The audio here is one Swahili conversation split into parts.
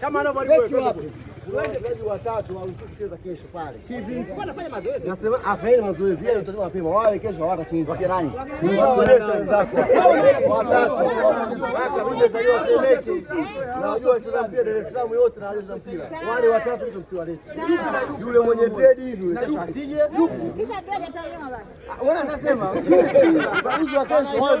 kama wachezaji afanye mazoezi mapema. Wale kesho hawatacheza. Wale watatu ndio msiwalete. Yule mwenye trade hivi asije. Wana ah, sasa Baruzi wa kesho wale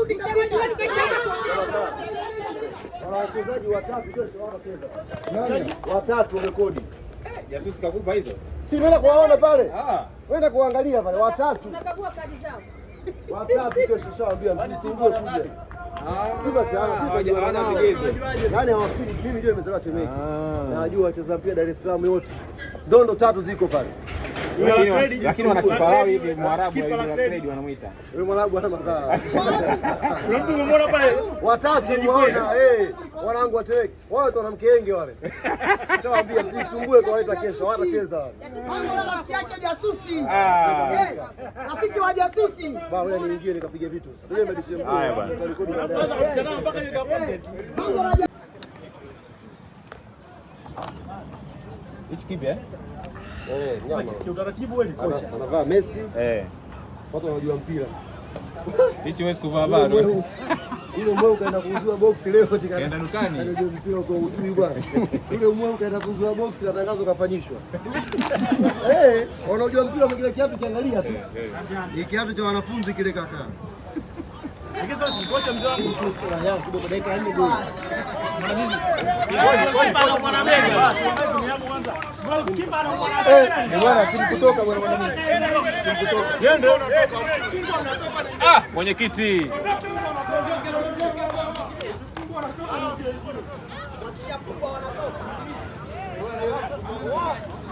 wachezaji watatu rekodi jasusi kakupa hizo, si nenda kuwaona pale, ah. nenda kuangalia pale, watatu watatu. Kesho shawambia msimbue kuja yani hawafiki. Mimi ndio nimezaliwa ah. yaani Temeke, ah. najua wacheza mpira Dar es Salaam yote, ndondo tatu ziko pale lakini wanakipa wao hivi Mwarabu hivi wanamuita yule Mwarabu hana madhara. Kuna mtu umeona pale watatu muona eh, wanangu wateleki wao wana mkenge wale, shawaambia msisumbue kwa leta kesho, watacheza wale. Yaani rafiki yake jasusi, ah. eh, rafiki wa jasusi bwana, wewe niingie nikapiga vitu sasa. Haya bwana, mpaka hichi kibia eh, eh nyama Wewe kocha, anavaa Messi eh, watu wanajua mpira hichi, wewe sikuvaa bado Ule mweu kaenda kuuziwa boksi leo kaenda dukani. Anajua mpira kwa utui bwana. Ule mweu kaenda kuuziwa boksi na tangazo kafanyishwa. Eh, wanajua mpira kwa kile kiatu kiangalia tu. Eh, eh. Ni kiatu cha wanafunzi kile kaka. Mwenyekiti